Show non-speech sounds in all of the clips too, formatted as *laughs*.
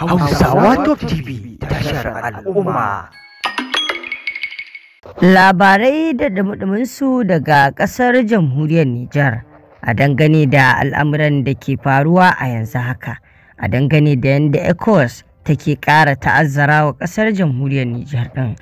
Hausawa Top TV tashar al'umma. Labarai da su daga ƙasar jamhuriyar Nijar a dangane da al'amuran da ke faruwa a yanzu haka, a dangane da yadda ECOWAS take ƙara ta'azzara wa ƙasar jamhuriyar Nijar ɗin.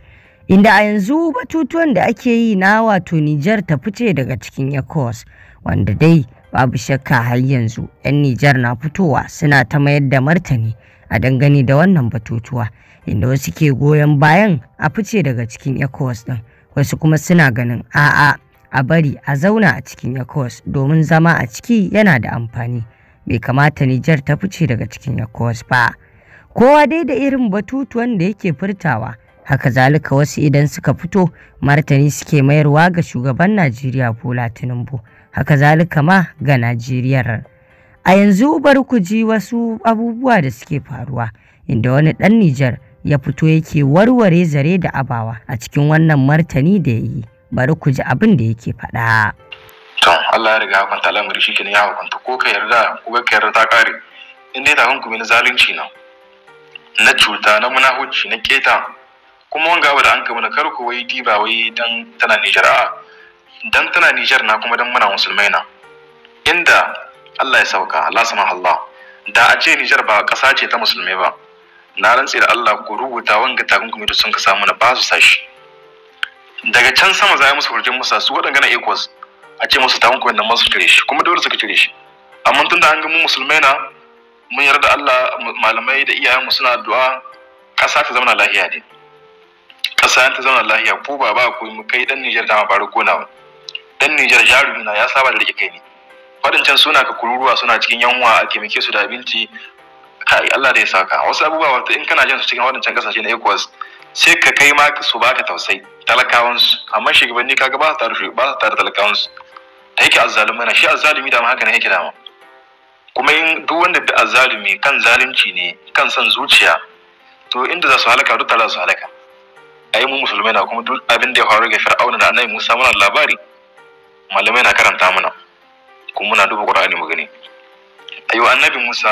Inda a yanzu batutuwan da ake yi na wato Nijar ta fice daga cikin ECOWAS wanda dai babu shakka har yanzu 'yan Nijar na fitowa suna ta mayar da martani a dangane da wannan batutuwa inda wasu ke goyon bayan a fice daga cikin ecowas din wasu kuma suna ganin a'a a bari a zauna a cikin ecowas domin zama a ciki yana da amfani bai kamata nijar ta fice daga cikin ecowas ba kowa dai da irin batutuwan da yake furtawa haka zalika wasu idan suka fito martani suke mayarwa ga shugaban najeriya bola tinubu haka zalika ma ga najeriyar A yanzu bari ku ji wasu abubuwa da suke faruwa inda wani ɗan Nijar ya fito yake warware zare da abawa a cikin wannan martani da ya yi. Bari ku ji abin da yake faɗa. To Allah ya riga kwanta lamari shi kenan ya hukunta ko ka yarda ko ka yarda ta kare. In dai takunkumi na zalunci na na cuta na munahuci na keta kuma wanga abu da an kama na karko wai diba wai dan tana Nijar a dan tana Nijar na kuma dan muna musulmai na. Inda Allah ya sauka Allah sama Allah da a ce Nijar ba ƙasa ce ta musulmai ba na rantse da Allah ku rubuta wanga takunkumi kuma sun ka samu na ba su sashi daga can sama za a yi musu furjin musa su waɗanga na ecos a ce musu takunkumin nan su cire shi kuma dole suka cire shi amma tun da an ga mu musulmai na mun yarda Allah malamai da iyayenmu suna addu'a ƙasa ta zama lafiya ne ƙasa ta zama lafiya ko ba ba ku mu kai dan Nijar da ma faru gonawa dan Nijar jarumi na ya saba da rike kai ne waɗancan suna ka kururuwa suna cikin yanwa a taimake su da abinci kai Allah da ya saka wasu abubuwa wata in kana jin su cikin waɗancan kasashe na ECOWAS sai ka kai ma su baka tausayi talakawansu amma shugabanni kaga ba su tare ba su tare talakawansu da yake azzalumi na shi azzalumi da ma haka ne yake dama kuma in duk wanda bi azzalumi kan zalunci ne kan son zuciya to inda za su halaka duk tare za su halaka ai mu musulmai na kuma duk abin da ya faru ga fir'auna da annabi Musa muna labari malamai na karanta mana kuma muna duba qur'ani mu gani ayo annabi musa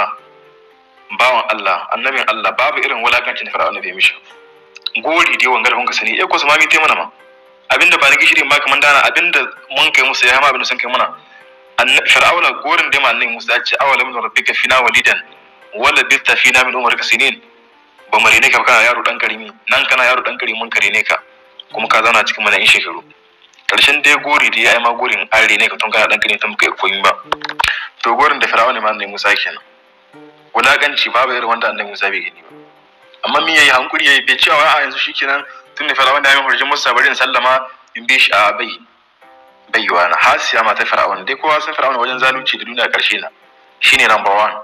bawan allah annabin allah babu irin walakancin da fir'auna bai mishi gori dai wangar kun ka sani eh ko su mami mana ma abinda ba na gishiri ma kaman dana abinda mun kai Musa ya ma abinda sun kai mana fir'auna gorin dai ma annabi musa ya ce awalam rabbika fina walidan wala bitta fina min umrika sinin ba mare ne ka kana yaro dan karimi nan kana yaro dan karimi mun kare ne ka kuma ka zauna cikin mana in shekaru karshen dai gori da ya yi ma gorin are ne ka tun kana dan tamka tun kai ba to gorin da firawuna ma annabi Musa kenan wulakanci babu irin wanda annabi Musa bai gani ba amma me yayi hankuri yayi bai cewa a yanzu shikenan tun da firawuna ya yi hurjin Musa bari in sallama in bi shi a bai baiwa na hasiya mata firawuna dai kowa san firawuna wajen zalunci da duniya karshe na shine number one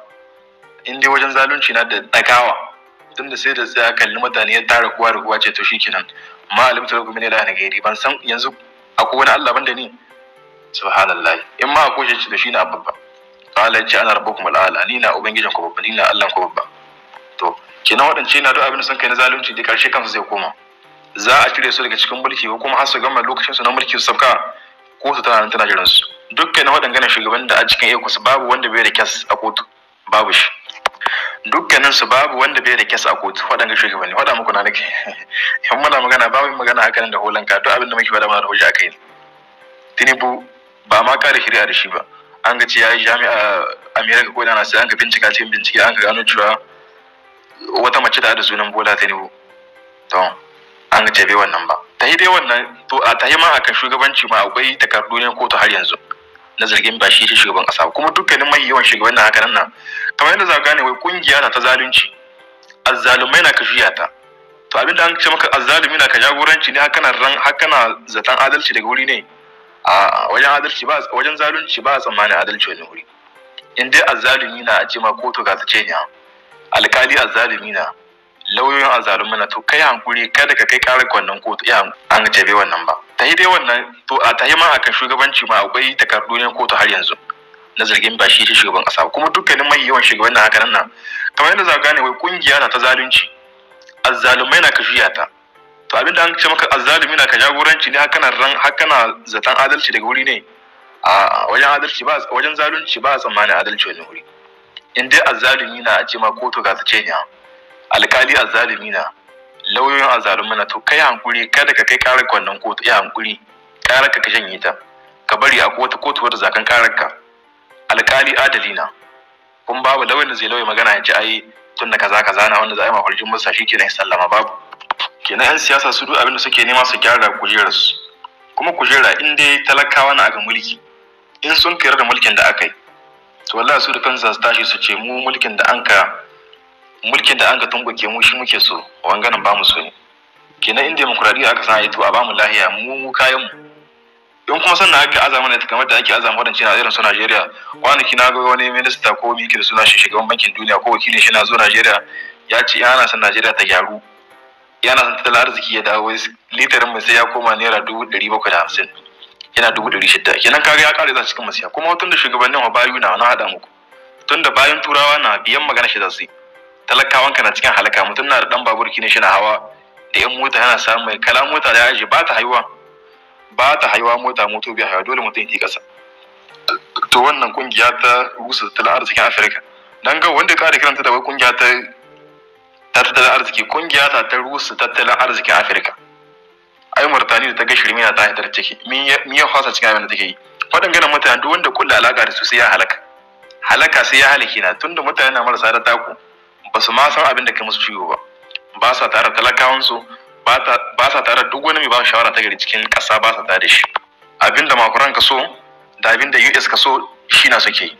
in dai wajen zalunci na da dagawa tunda sai da tsaya kalli mutane ya tara kowa da kowa ce to shikenan ma alimtu lakum min ilahin gairi ban san yanzu akwai wani Allah banda ni subhanallah in ma akwai shi da shi na babba qala ya ce ana rabbukum al'ala ni na ubangijin ku babba ni na Allah ku babba to kenan wadance na duk abin da sun kai na zalunci da karshe kansu zai koma za a cire su daga cikin mulki ko kuma har su gama lokacin su na mulki su sabka ko su tana nan tana jiran su dukkan waɗannan shugaban da a cikin ekusu babu wanda bai da kyas a kotu babu shi dukkanin su babu wanda bai da kes a kotu waɗanda shugabanni waɗa muku na nake *laughs* in muna magana babu yin magana hakanan da holanka duk abin da muke faɗa mana da hujja akai tinubu ba ma kare shari'a da shi ba an ga ce ya yi jami'a america ko da sai an ga bincika cikin bincike an ga gano cewa wata mace da da sunan bola tinubu to an ga ce bai wannan ba ta yi dai wannan to a ta yi ma akan shugabanci ma akwai takardu ne kotu har yanzu na zargin ba shi shugaban kasa kuma dukkanin mai yawan shugaban na haka nan kamar yadda za ka gane wai kungiya na ta zalunci azzalumai na ka juya ta to abin da an ce maka azzalumi na ka jagoranci ne haka ran haka zaton adalci daga wuri ne a wajen adalci ba wajen zalunci ba tsammanin adalci wani wuri in dai azzalumi na a ce ma kotu ga ta ce ni alkali azzalumi na lauyoyin azzalumi na to kai hankuri kada ka kai karar wannan kotu iya an ce bai wannan ba Ta yi dai wannan to a tahi ma akan shugabanci ma akwai takardu ne kotu har yanzu na zargin ba shi shugaban kasa kuma dukkanin mai yawan shugaban nan haka nan kamar yadda za gane wai kungiya na ta zalunci azzalumai na ka juya ta to abinda an ce maka azzalumi na ka jagoranci ne haka ran haka zaton adalci daga wuri ne a wajen adalci ba wajen zalunci ba tsammanin adalci wani wuri in dai azzalumi na a ce ma kotu ga ta ce ni alkali azzalumi na lauyoyin azalumi na to kai hankuri kada ka kai karar wannan kotu ya hankuri karar ka janye ta ka bari a wata kotu wata zakan karar ka alkali adali kun babu lauyoyin da zai lauyi magana ya ji ai tun da kaza kaza na wanda za a yi mafarjin musa shi kenan ya sallama babu kenan yan siyasa su duk abin da suke nema su gyara kujerarsu kuma kujera in dai talakawa na ga mulki in sun kira da mulkin da aka yi to wallahi su da kansu su tashi su ce mu mulkin da anka mulkin da an ga ka ke mu shi muke so wanganan ba mu so ne kenan inda demokuraɗiyya aka sanya to a ba mu lahiya mu mu kayan mu in kuma sannan aka azama ne kamar da ake azama wadancan a irin su Najeriya kwanaki na ga wani minista ko miki da suna shi shugaban bankin duniya ko wakilin shi na zo Najeriya ya ce yana san Najeriya ta gyaru yana son tattalin arziki ya dawo litarin mai sai ya koma naira dubu ɗari bakwai da hamsin yana dubu ɗari shida kenan kaga ya ƙara zan cikin masiya kuma tun da shugabannin wa bayu na na haɗa muku tun da bayan turawa na biyan magana shi za su yi talakawanka na cikin halaka mutum na da dan babur kine shi na hawa da yan mota yana samu mai kala mota da yaji ba ta haihuwa ba ta haiwa mota moto bi haiwa dole mutum ya kasa to wannan kungiya ta rusa tattalin arzikin afirka dan ga wanda ka da kiranta da wai kungiya ta tattalin arziki kungiya ta ta rusa tattalin arzikin afirka ai murtani da ta ga shirmiya ta hitar ciki mi ya fasa cikin abin da take yi faɗin ganin mutane duk wanda kulla alaka da su sai ya halaka halaka sai ya halake na tunda mutane na marasa da taku ba su ma san abin da kai musu ciwo ba ba sa tare da talakawansu ba sa tare da duk wani mai ba shawara ta gari cikin ƙasa ba sa tare da shi abin da makuran ka so da abin da us ka so shi na suke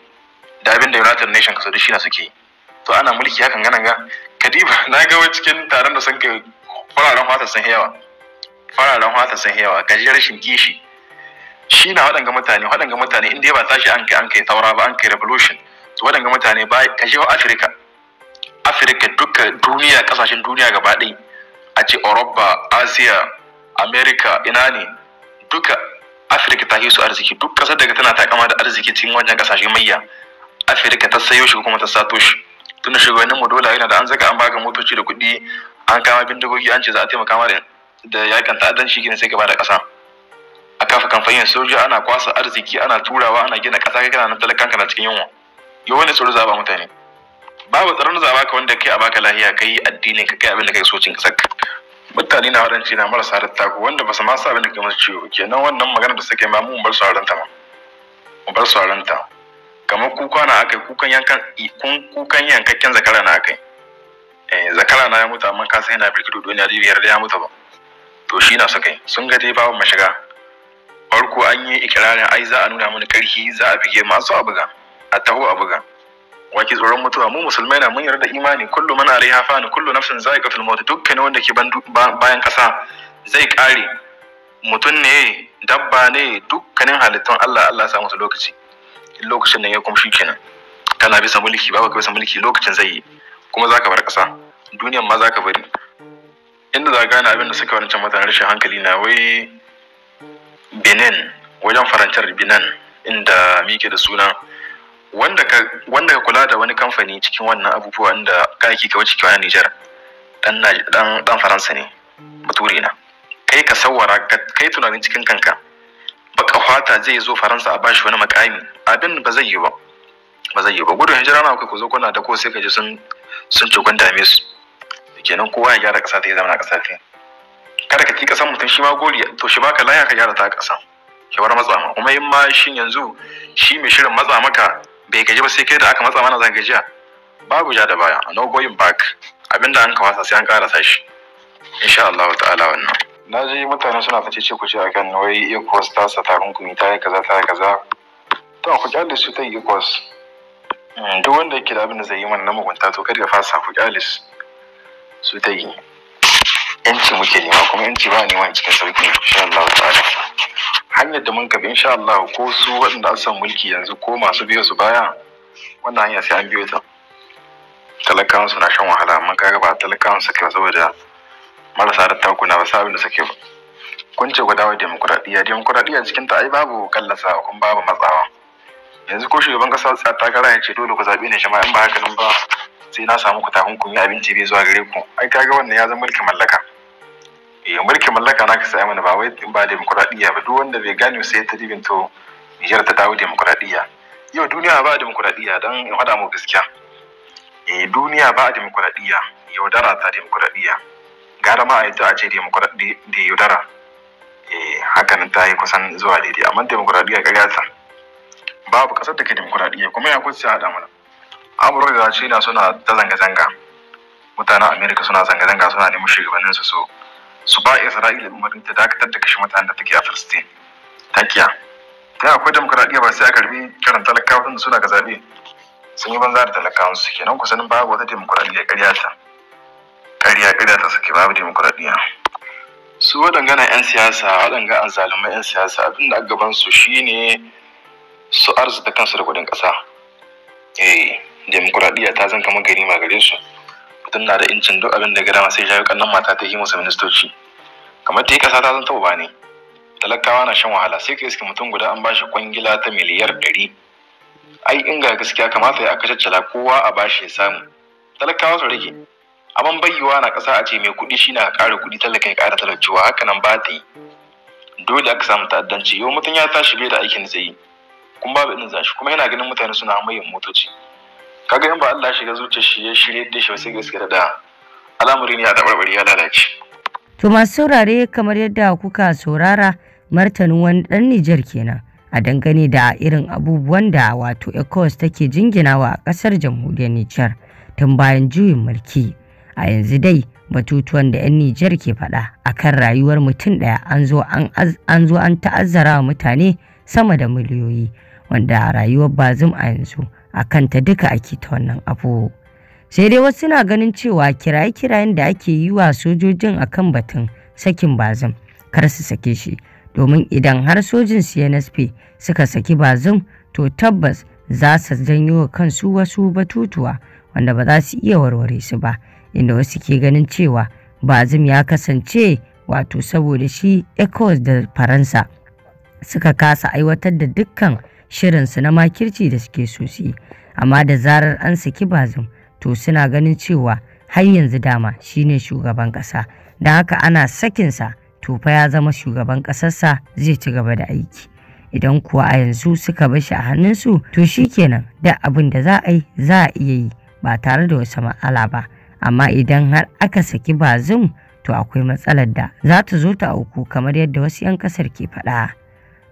da abin da united nation ka so shi na suke to ana mulki hakan ganan ga kadiba *laughs* na ga wai cikin taron da san kai fararen fata san hewa. fararen fata san hewa? gajiyar rashin kishi shi na waɗanga mutane waɗanga mutane inda ba tashi an kai an kai taura ba an kai revolution to waɗanga mutane ba kashewa je afirka afirka duka duniya kasashen duniya gaba a ce europa asiya Amerika, ina ne duka afirka ta su arziki duk kasar daga tana takama da arziki cikin wajen kasashe mayya afirka ta sayo shi kuma ta sato shi tunda shugabannin mu dole yana da an zaka an baka motoci da kuɗi an kama bindigogi an ce za a taimaka ma da yakan ta'addanci gina sai gaba da ƙasa a kafa kamfanin soja ana kwasa arziki ana turawa ana gina ƙasa kai kana nan talakan kana cikin yunwa yau wani tsoro za a ba mutane babu tsaron zaba ka wanda kai a baka lahiya kai addinin ka kai abin da kai so cin kasar mutane na wadanci na marasa ko wanda ba su ma sa abin da kai musu ciwo kenan wannan magana da suke ma mu bar su haranta ma mu bar su haranta kamar kuka na akai kukan yankan kukan yankakken zakara na akai eh zakara na ya mutu amma ka sai na birkido duniya zai yarda ya mutu ba to shi na sakai sun ga dai babu mashiga farko an yi ikirarin ai za a nuna mana karhi za a bige masu a buga a taho a buga wake tsoron mutuwa mu musulmai na mun yarda imani kullu man alaiha fani kullu nafsin za'iqatul maut dukkanin wanda ke bayan kasa zai kare mutum ne dabba ne dukkanin halittun Allah Allah Samu su lokaci lokacin nan ya kuma kenan kana bisa mulki babu ka bisa mulki lokacin zai yi kuma zaka bar kasa duniyar ma zaka bari inda za gane abin da suka wancan mutane rashin hankali na wai benin wajen farantar benin inda mike da suna wanda ka wanda ka kula da wani kamfani cikin wannan abubuwan da kayaki ka wuce kiwa na Nijar dan dan dan Faransa ne bature na kai ka sawara kai tunanin cikin kanka baka fata zai zo Faransa a bashi wani makami abin ba zai yi ba ba zai yi ba gudun hijira na ku zo kuna da ko sai ka ji sun sun cokon dame su kenan kowa ya gyara kasa ta ya zama kasa ta kada ka ki kasan mutum shi ma goli to shi baka laya ka gyara ta kasa ki bar matsa ma kuma in ma shin yanzu shi mai shirin matsa maka bai gaji ba sai kai da aka matsa mana zan gajiya babu ja da baya no going back abinda an ka wasa sai an karasa shi insha Allah ta'ala wannan na ji mutane suna fice ce ku ce akan wai Ecos ta sa tarunkumi ta yi kaza ta yi kaza to ku da su ta ecos. Mm, duk wanda yake da abin da zai yi mana na mugunta to kada ya fasa ku kyale su ta yi yanci muke nema kuma yanci ba neman cikin sauki insha Allah ta'ala hanyar da mun kabi insha Allah ko su waɗanda an san mulki yanzu ko masu biyo su baya wannan hanya sai an biyo ta talakawan su na shan wahala amma kaga ba talakawan su kai saboda marasa da takuna ba sabin da suke ba kun ce ku dawo demokuraɗiyya demokuraɗiyya cikin ta ai babu kallasa kun babu matsawa yanzu ko shugaban kasa ta takara ya ce dole ku zaɓe ne shima in ba haka nan ba sai na samu ku yi abinci bai zuwa gare ku ai kaga wannan ya zama mulkin mallaka Eh, mulki mallaka na ka sai mana ba wai ba demokuraɗiyya ba duk wanda bai gane sai ta dibin to Nijar ta dawo demokuraɗiyya yau duniya ba demokuraɗiyya don in faɗa mu gaskiya eh duniya ba demokuraɗiyya yaudara ta demokuraɗiyya gara ma a yi a ce da yaudara eh hakan ta yi kusan zuwa daidai amma demokuraɗiyya ka gasa babu ƙasar da ke demokuraɗiyya kuma ya kusa haɗa mana amurka da china suna ta zanga-zanga mutanen america suna zanga-zanga suna neman shugabanninsu su su ba isra'ila umarni ta dakatar da kashe mutanen da take a filistin ta kiya ta akwai demokuraɗiyya ba sai a karbi kiran talakawa tun suna ga zaɓe sun yi banza da talakawan su kenan kusan babu wata demokuraɗiyya ƙarya ta ƙarya ƙarya ta suke babu demokuraɗiyya su na 'yan siyasa waɗanga an zalumai 'yan siyasa abin da gaban su shine su arzuta kansu da kuɗin ƙasa eh demokuraɗiyya ta zan kama gari ma gare su don na da incin duk abin da gida yi shayo kannan mata ta yi musu ministoci kamar ta yi kasa ta zan taɓa ne talakawa na shan wahala sai ka iske mutum guda an ba shi kwangila ta miliyar ɗari ai in ga gaskiya kamata ya aka caccala kowa a bashi ya samu talakawa su rage aman bayyawa na ƙasa a ce mai kuɗi shi na ƙara kuɗi talaka ya ƙara talaucewa haka nan ba ta yi dole aka samu ta'addanci yau mutum ya tashi bai da aikin zai yi kuma babu irin zashi kuma yana ganin mutane suna mayan motoci kaga in ba Allah shiga zuciyar shi ya shirye da shi sai gaskiya da al'amuri ne a dabarbari ya lalace to masu saurare kamar yadda kuka saurara martanin wani dan Nijar kenan a dangane da irin abubuwan da wato ECOWAS take jinginawa a kasar jamhuriyar Nijar tun bayan juyin mulki a yanzu dai batutuwan da 'yan Nijar ke faɗa a kan rayuwar mutum ɗaya an zo an ta'azzara mutane sama da miliyoyi wanda rayuwar bazum a yanzu a kanta duka ake ta wannan abu sai dai wasu na ganin cewa kiraye-kirayen da ake yi wa sojojin a kan batun sakin bazum kar su sake shi domin idan har sojin cnsp suka saki bazum to tabbas za su janyo kansu wasu batutuwa wanda ba za su iya warware su ba inda wasu ke ganin cewa bazum ya kasance wato saboda shi ecos da faransa suka kasa aiwatar da dukkan Shirin su na makirci da suke sosi amma da zarar an saki bazum to suna ganin cewa har yanzu dama shine shugaban ƙasa da haka ana sakinsa to fa ya zama shugaban ƙasarsa zai ci gaba da aiki idan kuwa a yanzu suka bar shi a hannunsu to shikenan da abin da za a yi za a iya yi ba tare da wasu matsala ba amma idan har aka saki bazum to akwai matsalar da za ta zo ta auku kamar yadda wasu 'yan ƙasar ke faɗa.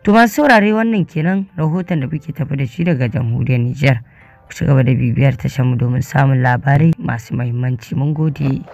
To masu saurare wannan kenan rahoton da kuke tafi da shi daga jamhuriyar Nijar. Ku ci gaba da bibiyar mu domin samun labarai masu mahimmanci. Mun gode.